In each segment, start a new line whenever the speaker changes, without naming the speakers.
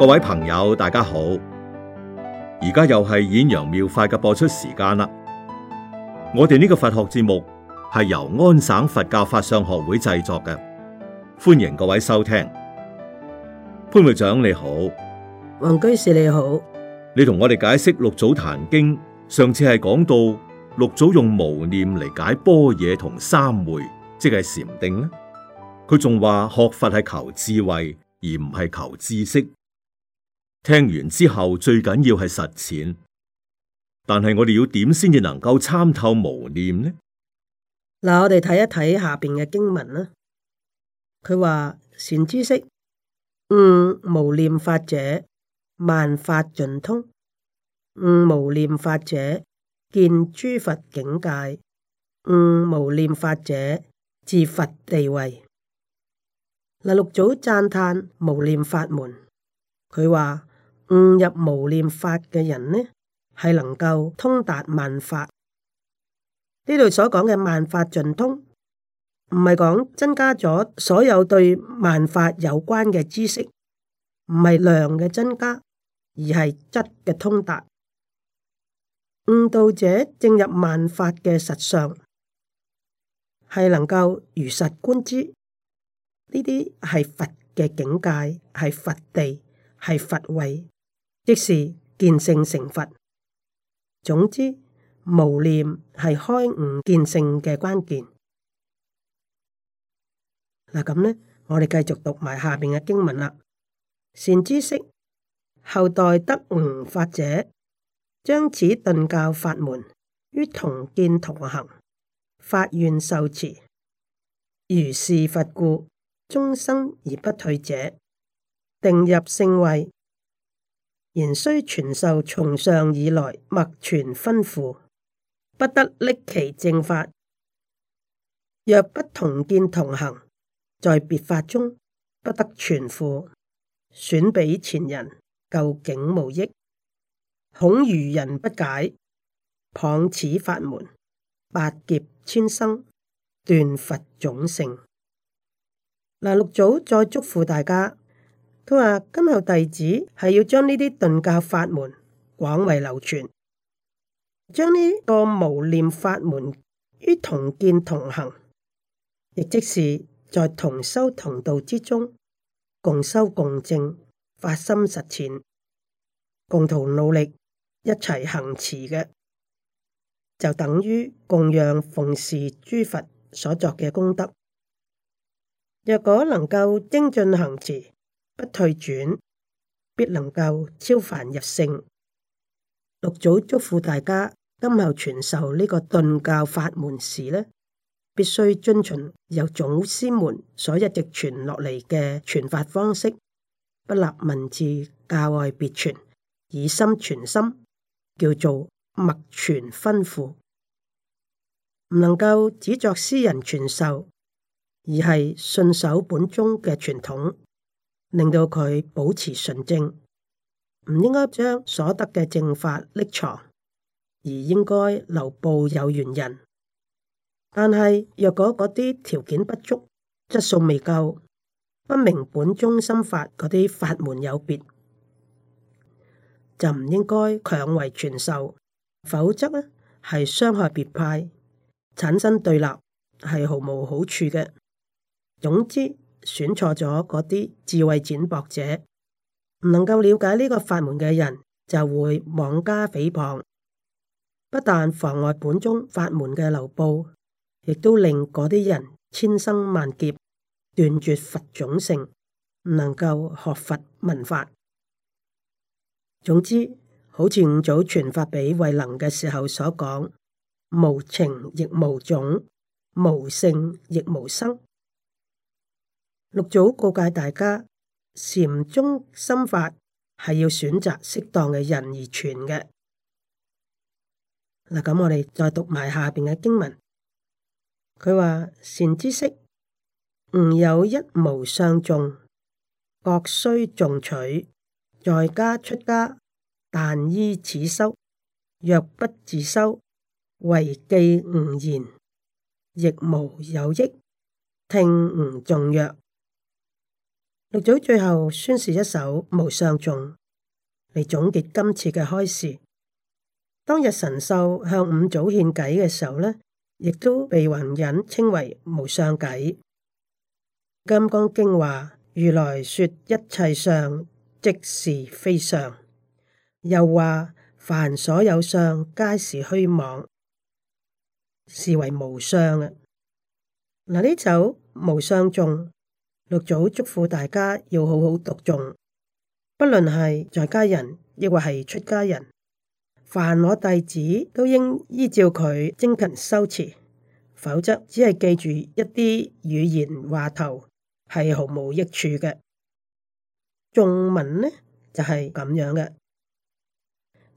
各位朋友，大家好！而家又係《演揚妙，妙法》嘅播出時間啦。我哋呢個佛學節目係由安省佛教法相學會製作嘅，歡迎各位收聽。潘會長你好，黃居士你好，你同我哋解釋六祖壇經，上次係講到六祖用無念嚟解般若同三昧，即係禪定咧。佢仲話學佛係求智慧，而唔係求知識。聽完之後最緊要係實踐，但係我哋要點先至能夠參透無念呢？
嗱，我哋睇一睇下邊嘅經文啦。佢話，善知識，悟、嗯、無念法者，萬法盡通；悟、嗯、無念法者，見諸佛境界；悟、嗯、無念法者，自佛地位。嗱，六祖讚嘆無念法門，佢話。悟入無念法嘅人呢，係能夠通達萬法。呢度所講嘅萬法盡通，唔係講增加咗所有對萬法有關嘅知識，唔係量嘅增加，而係質嘅通達。悟道者正入萬法嘅實相，係能夠如實觀之。呢啲係佛嘅境界，係佛地，係佛位。即是見性成佛。總之，無念係開悟見性嘅關鍵。嗱咁呢，我哋繼續讀埋下邊嘅經文啦。善知識，後代德悟法者，將此頓教法門於同見同行，發願受持。如是佛故，終生而不退者，定入聖位。然須傳授從上以來默傳吩咐，不得匿其正法；若不同見同行，在別法中不得傳付，損彼前人，究竟無益。恐愚人不解，謗此法門，百劫千生，斷佛種性。嗱，六祖再祝福大家。佢話：今後弟子係要將呢啲頓教法門廣為流傳，將呢個無念法門於同見同行，亦即是在同修同道之中共修共正，發心實踐，共同努力一齊行持嘅，就等於供養奉事諸佛所作嘅功德。若果能夠精進行持，不退轉，必能夠超凡入聖。六祖祝福大家，今後傳授呢個頓教法門時呢，必須遵循由祖師們所一直傳落嚟嘅傳法方式，不立文字，教外別傳，以心傳心，叫做默傳分付。唔能夠只作私人傳授，而係信守本宗嘅傳統。令到佢保持純正，唔應該將所得嘅正法匿藏，而應該留布有緣人。但係若果嗰啲條件不足、質素未夠、不明本宗心法嗰啲法門有別，就唔應該強為傳授，否則咧係傷害別派，產生對立，係毫無好處嘅。總之。選錯咗嗰啲智慧淺薄者，唔能夠了解呢個法門嘅人，就會妄加誹謗。不但妨礙本宗法門嘅流布，亦都令嗰啲人千生萬劫斷絕佛種性，唔能夠學佛聞法。總之，好似五祖傳法俾慧能嘅時候所講：無情亦無種，無性亦無生。六祖告誡大家：禪宗心法係要選擇適當嘅人而傳嘅。嗱，咁我哋再讀埋下邊嘅經文。佢話：善知識，吾有一無相頌，各須誦取。在家出家，但依此修。若不自修，唯記吾言，亦無有益。聽吾頌曰。六祖最後宣示一首無相頌嚟，總結今次嘅開示。當日神秀向五祖獻偈嘅時候呢，亦都被雲隱稱為無相偈。金剛經話，如來說一切相即是非相，又話凡所有相皆是虛妄，是為無相啊！嗱，呢首無相頌。六祖祝福大家要好好讀誦，不論係在家人亦或係出家人，凡我弟子都應依照佢精勤修持，否則只係記住一啲語言話頭，係毫無益處嘅。頌文呢就係、是、咁樣嘅，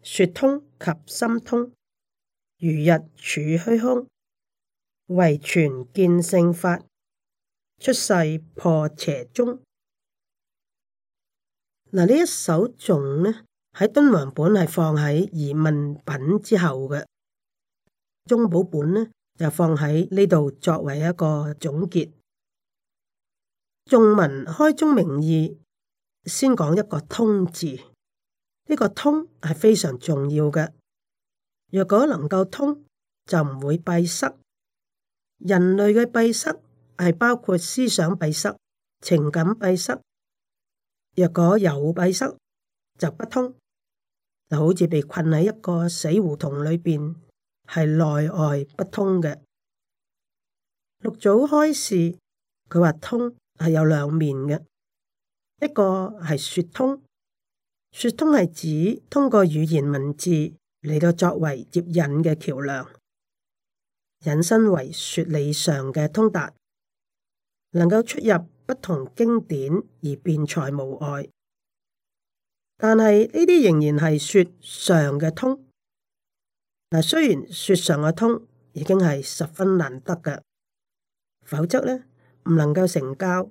説通及心通，如日處虛空，惟傳見性法。出世破邪宗，嗱呢一首頌呢，喺敦煌本係放喺疑問品之後嘅，宗寶本呢，就放喺呢度作為一個總結。眾文開宗明義，先講一個通字，呢個通係非常重要嘅。若果能夠通，就唔會閉塞。人類嘅閉塞。係包括思想閉塞、情感閉塞。若果有閉塞就不通，就好似被困喺一個死胡同裏邊，係內外不通嘅。六祖開示，佢話通係有兩面嘅，一個係説通，説通係指通過語言文字嚟到作為接引嘅橋梁，引申為説理上嘅通達。能夠出入不同經典而辯才無礙，但係呢啲仍然係説上嘅通。嗱，雖然説上嘅通已經係十分難得嘅，否則呢，唔能夠成教。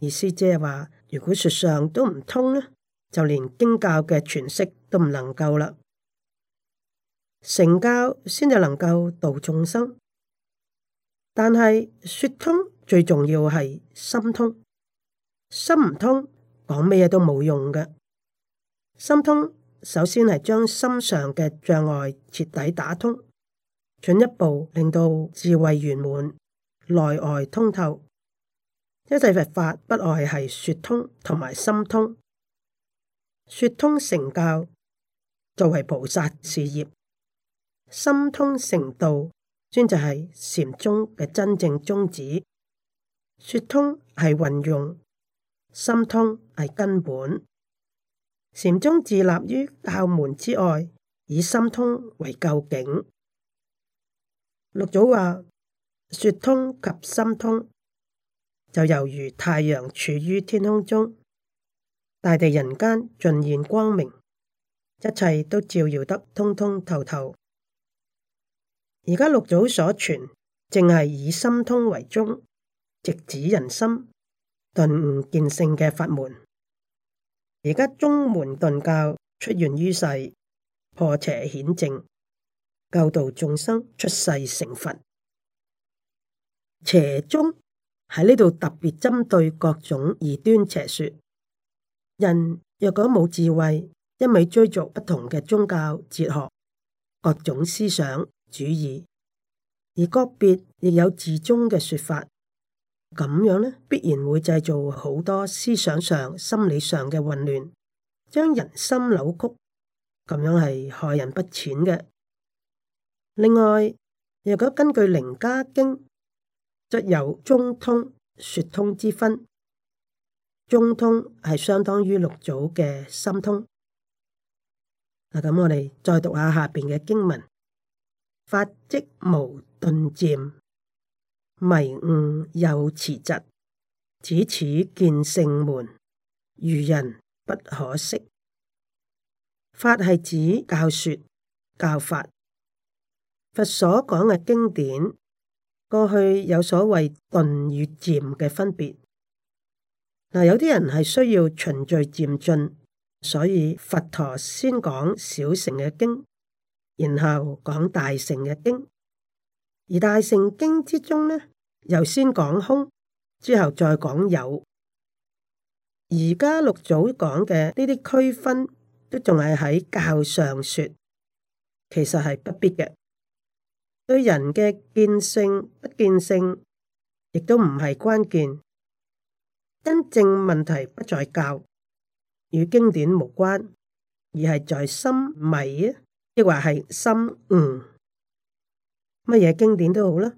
意思即係話，如果説上都唔通呢，就連經教嘅詮釋都唔能夠啦。成教先至能夠度眾生，但係説通。最重要係心通，心唔通講乜嘢都冇用嘅。心通首先係將心上嘅障礙徹底打通，進一步令到智慧圓滿、內外通透。一切佛法不外係說通同埋心通，說通成教作為菩薩事業，心通成道專就係禪宗嘅真正宗旨。說通係運用，心通係根本。禪宗自立於教門之外，以心通為究竟。六祖話：說通及心通，就猶如太陽處於天空中，大地人間盡現光明，一切都照耀得通通透透。而家六祖所傳，淨係以心通為宗。直指人心、頓悟見性嘅法門，而家宗門頓教出現於世，破邪顯正，教導眾生出世成佛。邪宗喺呢度特別針對各種異端邪說。人若果冇智慧，一味追逐不同嘅宗教、哲學、各種思想主義，而個別亦有自宗嘅說法。咁樣呢，必然會製造好多思想上、心理上嘅混亂，將人心扭曲，咁樣係害人不淺嘅。另外，若果根據《靈家經》，則有中通說通之分，中通係相當於六祖嘅心通。嗱，咁我哋再讀下下邊嘅經文：法即無頓漸。迷悟有遲疾，只此見性門，愚人不可悉。法係指教說教法，佛所講嘅經典，過去有所謂頓與漸嘅分別。嗱、呃，有啲人係需要循序漸進，所以佛陀先講小乘嘅經，然後講大乘嘅經。而大乘經之中呢，由先講空，之後再講有。而家六祖講嘅呢啲區分，都仲係喺教上説，其實係不必嘅。對人嘅見性不見性，亦都唔係關鍵。真正問題不在教，與經典無關，而係在心迷啊，亦或係心悟。乜嘢經典都好啦，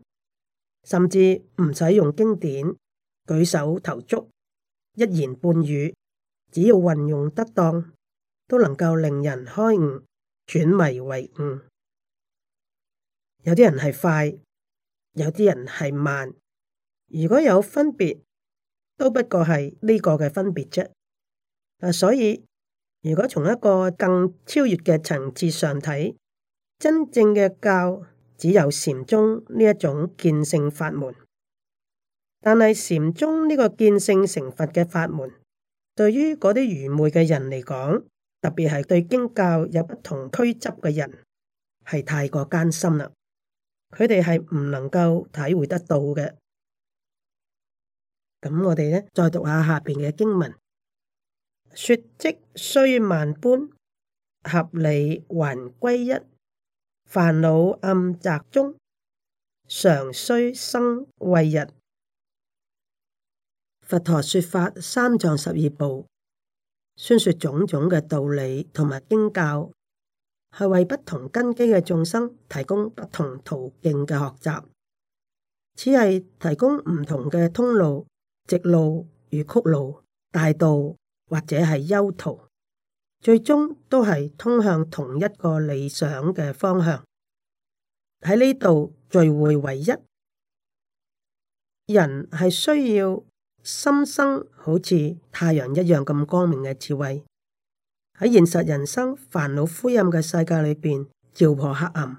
甚至唔使用經典，舉手投足、一言半語，只要運用得當，都能夠令人開悟，轉迷為悟。有啲人係快，有啲人係慢，如果有分別，都不過係呢個嘅分別啫。嗱，所以如果從一個更超越嘅層次上睇，真正嘅教。只有禪宗呢一種見性法門，但係禪宗呢個見性成佛嘅法門，對於嗰啲愚昧嘅人嚟講，特別係對經教有不同拘執嘅人，係太過艱辛啦。佢哋係唔能夠體會得到嘅。咁我哋呢，再讀下下邊嘅經文：說即雖萬般，合理還歸一。煩惱暗宅中，常須生慧日。佛陀說法三藏十二部，宣說種種嘅道理同埋經教，係為不同根基嘅眾生提供不同途徑嘅學習。此係提供唔同嘅通路、直路、與曲路、大道或者係幽途。最終都係通向同一個理想嘅方向。喺呢度聚會，唯一人係需要心生好似太陽一樣咁光明嘅智慧，喺現實人生煩惱灰暗嘅世界裏邊，照破黑暗。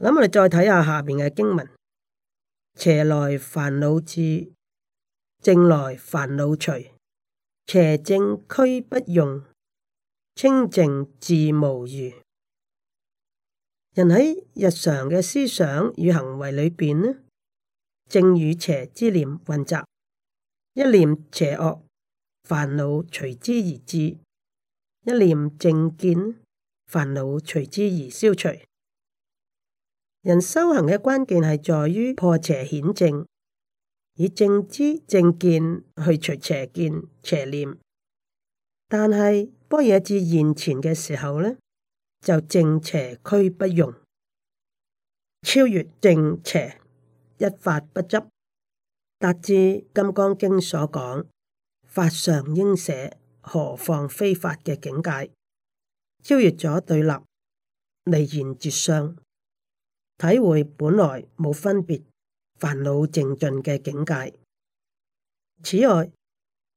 咁我哋再睇下下邊嘅經文：邪來煩惱至，正來煩惱除。邪正俱不用，清淨自無餘。人喺日常嘅思想與行為裏邊呢，正與邪之念混雜，一念邪惡，煩惱隨之而至；一念正見，煩惱隨之而消除。人修行嘅關鍵係在於破邪顯正。以正知正見去除邪見邪念，但係般若至現前嘅時候呢，就正邪區不容，超越正邪一法不執，達至金剛經所講法尚應捨何況非法嘅境界，超越咗對立，離言絕相，體會本來冇分別。煩惱靜盡嘅境界。此外，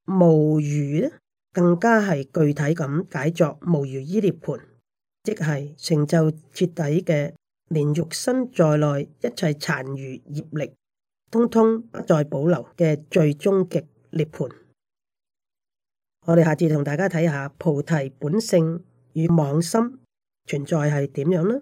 無餘呢，更加係具體咁解作無餘依涅盤，即係成就徹底嘅連肉身在內一切殘餘業力，通通不再保留嘅最終極涅盤。我哋下次同大家睇下菩提本性與妄心存在係點樣呢？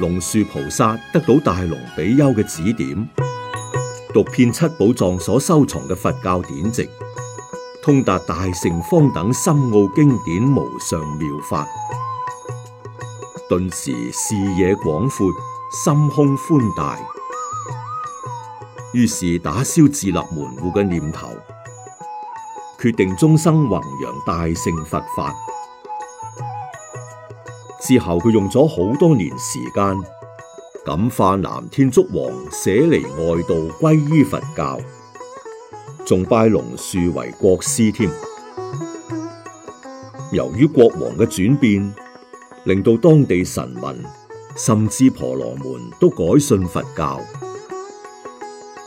龍樹菩薩得到大龍比丘嘅指點，讀遍七寶藏所收藏嘅佛教典籍，通達大乘方等深奧經典無上妙法，頓時視野廣闊，心胸寬大，於是打消自立門戶嘅念頭，決定終生弘揚大乘佛法。之後佢用咗好多年時間感化南天竺王捨離外道歸依佛教，仲拜龍樹為國師添。由於國王嘅轉變，令到當地臣民甚至婆羅門都改信佛教，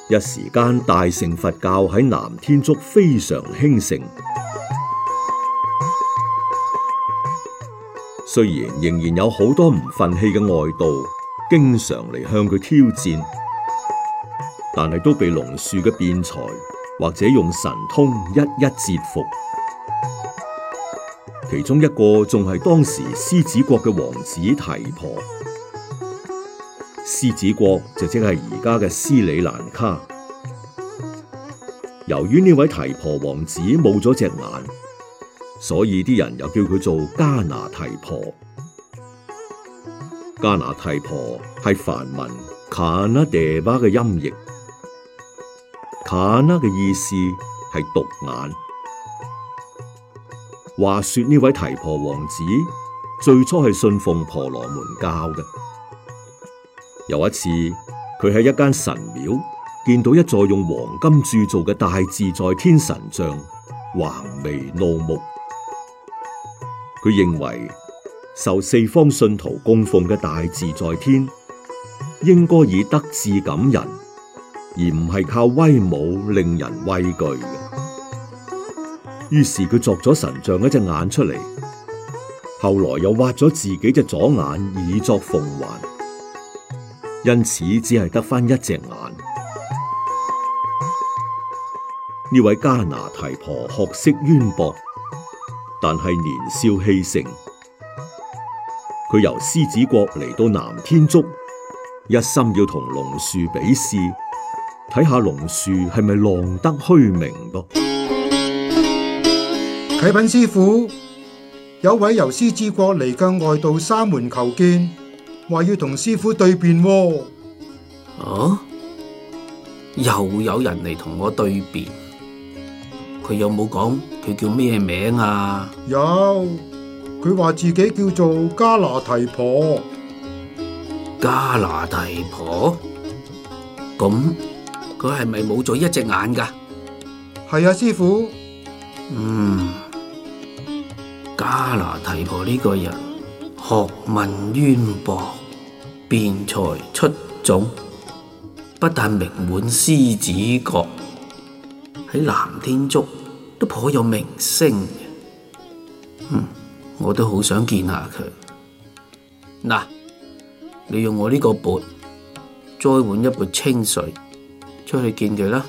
一時間大乘佛教喺南天竺非常興盛。雖然仍然有好多唔忿氣嘅外道，經常嚟向佢挑戰，但係都被龍樹嘅辯才或者用神通一一折服。其中一個仲係當時獅子國嘅王子提婆，獅子國就即係而家嘅斯里蘭卡。由於呢位提婆王子冇咗隻眼。所以啲人又叫佢做加拿提婆。加拿提婆係梵文卡那爹巴嘅音譯。卡那嘅意思係獨眼。話說呢位提婆王子最初係信奉婆羅門教嘅。有一次，佢喺一間神廟見到一座用黃金鑄造嘅大自在天神像，橫眉怒目。佢認為受四方信徒供奉嘅大自在天，應該以德智感人，而唔係靠威武令人畏懼。於是佢作咗神像一隻眼出嚟，後來又挖咗自己隻左眼以作奉還，因此只係得返一隻眼。呢位迦拿提婆學識淵博。但係年少氣盛，佢由獅子國嚟到南天竺，一心要同龍樹比試，睇下龍樹係咪浪得虛名噃。啟稟師傅，
有位由獅子國嚟嘅外道三門求見，話要同師傅對辯喎。啊？
又有人嚟同我對辯，佢有冇講？佢叫咩名啊？
有，佢話自己叫做加拿提婆。
加拿提婆，咁佢係咪冇咗一隻眼噶？
係啊，師傅。嗯，
加拿提婆呢個人學問淵博，辯才出眾，不但名滿獅子國，喺南天竺。都頗有名聲，嗯，我都好想見下佢。嗱，你用我呢個缽，再換一缽清水出去見佢啦。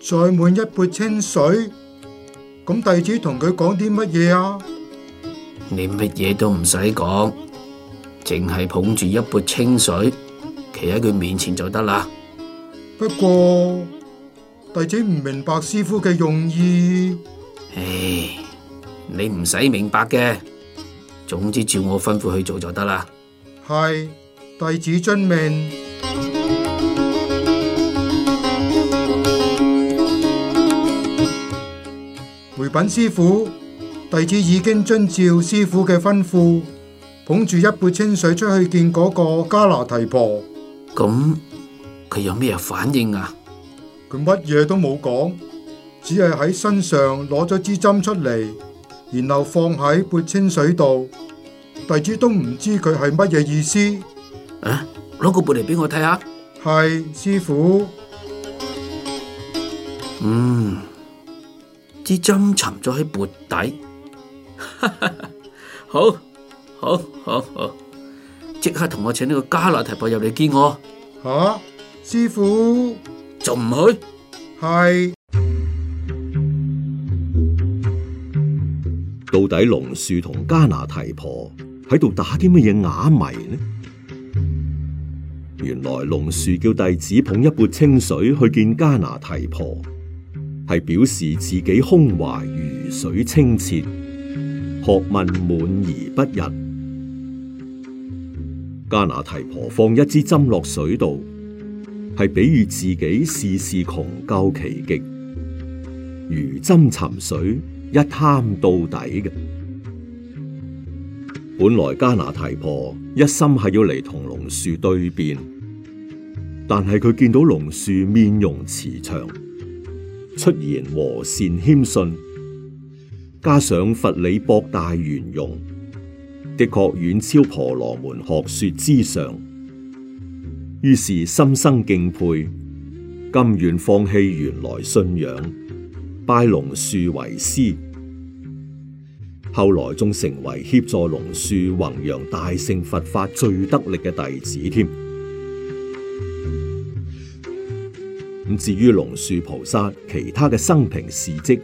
再換一缽清水，咁弟子同佢講啲乜嘢啊？
你乜嘢都唔使講，淨係捧住一缽清水，企喺佢面前就得啦。
不過，弟子唔明白師傅嘅用意。
唉，你唔使明白嘅，總之照我吩咐去做就得啦。
係，弟子遵命。回稟師傅，弟子已經遵照師傅嘅吩咐，捧住一杯清水出去見嗰個迦拿提婆。咁佢有咩反應啊？佢乜嘢都冇講，只係喺身上攞咗支針出嚟，然後放喺缽清水度。弟子都唔知佢係乜嘢意思。啊，攞個缽嚟俾我睇下。係，師傅。
嗯，支針沉咗喺缽底。好 好，即刻同我請呢個
加那提婆入嚟見我。吓、啊，師傅。就唔去，係
是到底龍樹同加拿提婆喺度打啲乜嘢啞謎呢？原來龍樹叫弟子捧一杯清水去見加拿提婆，係表示自己胸懷如水清澈，學問滿而不溢。加拿提婆放一支針落水度。係比喻自己事事窮究其極，如針沉水，一探到底嘅。本來迦拿提婆一心係要嚟同龍樹對辯，但係佢見到龍樹面容慈祥，出言和善謙遜，加上佛理博大圓融，的確遠超婆羅門學說之上。於是心生敬佩，甘願放棄原來信仰，拜龍樹為師。後來仲成為協助龍樹弘揚大乘佛法最得力嘅弟子添。咁至於龍樹菩薩其他嘅生平事跡，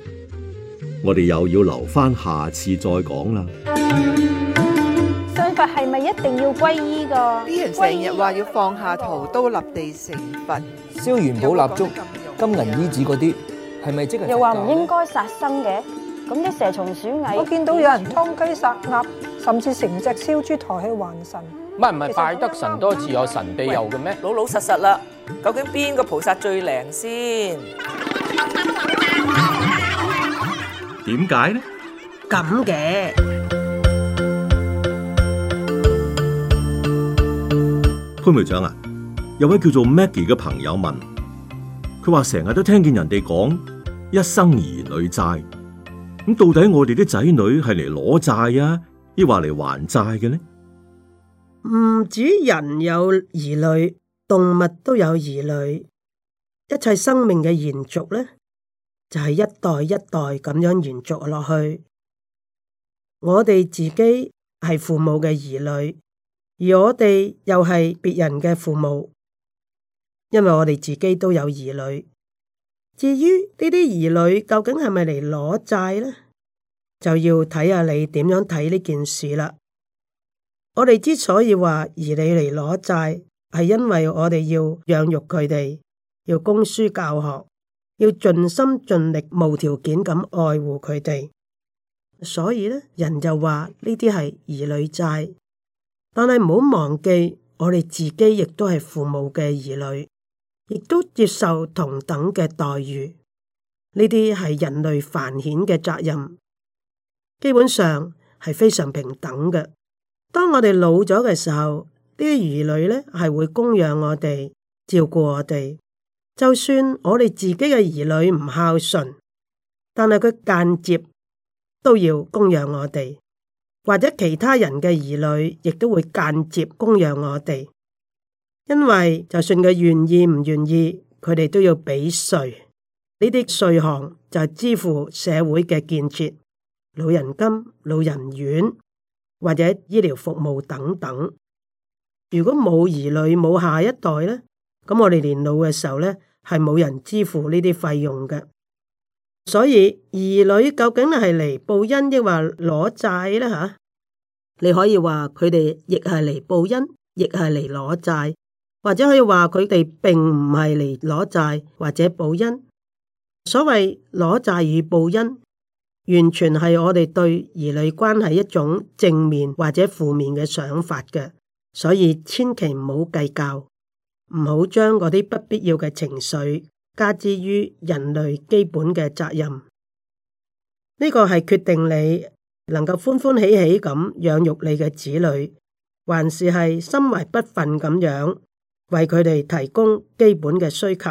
我哋又要留翻下，下次再講啦。
一定要皈依㗎，啲人
成日話要放下屠刀立地成
佛，燒元寶蠟燭、金銀
衣紙嗰啲，係咪即係？又話唔應該殺生嘅，咁啲蛇蟲鼠蟻，我見到
有人劏雞殺鴨，甚至成隻燒豬抬去還神，
唔係唔係拜得神多自有神庇佑嘅咩？老老實實啦，究竟邊個菩薩最靈先？
點解呢？
咁嘅。
潘秘書長啊，有位叫做 Maggie 嘅朋友問，佢話成日都聽見人哋講一生兒女債，咁到底我哋啲仔女係嚟攞債啊，亦話嚟還債嘅呢？
唔止人有兒女，動物都有兒女，一切生命嘅延續咧，就係一代一代咁樣延續落去。我哋自己係父母嘅兒女。而我哋又係別人嘅父母，因為我哋自己都有兒女。至於呢啲兒女究竟係咪嚟攞債呢？就要睇下你點樣睇呢件事啦。我哋之所以話兒女嚟攞債，係因為我哋要養育佢哋，要供書教學，要盡心盡力、無條件咁愛護佢哋。所以呢，人就話呢啲係兒女債。但係唔好忘記，我哋自己亦都係父母嘅兒女，亦都接受同等嘅待遇。呢啲係人類繁衍嘅責任，基本上係非常平等嘅。當我哋老咗嘅時候，呢啲兒女呢係會供養我哋，照顧我哋。就算我哋自己嘅兒女唔孝順，但係佢間接都要供養我哋。或者其他人嘅兒女亦都會間接供養我哋，因為就算佢願意唔願意，佢哋都要俾稅。呢啲稅項就係支付社會嘅建設、老人金、老人院或者醫療服務等等。如果冇兒女冇下一代咧，咁我哋年老嘅時候咧係冇人支付呢啲費用嘅。所以兒女究竟係嚟報恩抑或攞債呢？吓？你可以話佢哋亦係嚟報恩，亦係嚟攞債，或者可以話佢哋並唔係嚟攞債或者報恩。所謂攞債與報恩，完全係我哋對兒女關係一種正面或者負面嘅想法嘅。所以千祈唔好計較，唔好將嗰啲不必要嘅情緒。加之於人類基本嘅責任，呢個係決定你能夠歡歡喜喜咁養育你嘅子女，還是係心懷不忿咁樣為佢哋提供基本嘅需求。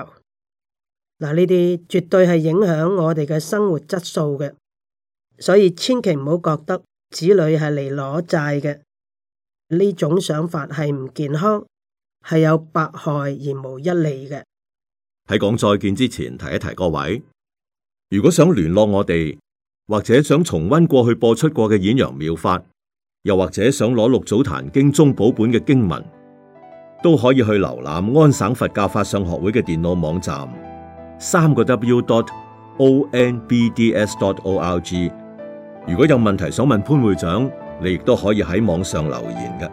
嗱，呢啲絕對係影響我哋嘅生活質素嘅，所以千祈唔好覺得子女係嚟攞債嘅。呢種想法係唔健康，係有百害而無一利嘅。
喺講再見之前，提一提各位，如果想聯絡我哋，或者想重溫過去播出過嘅演揚妙法，又或者想攞六祖壇經中寶本嘅經文，都可以去瀏覽安省佛教法相學會嘅電腦網站，三個 w dot o n b d s dot o r g。如果有問題想問潘會長，你亦都可以喺網上留言嘅。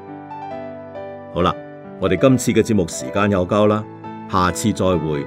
好啦，我哋今次嘅節目時間又夠啦，下次再會。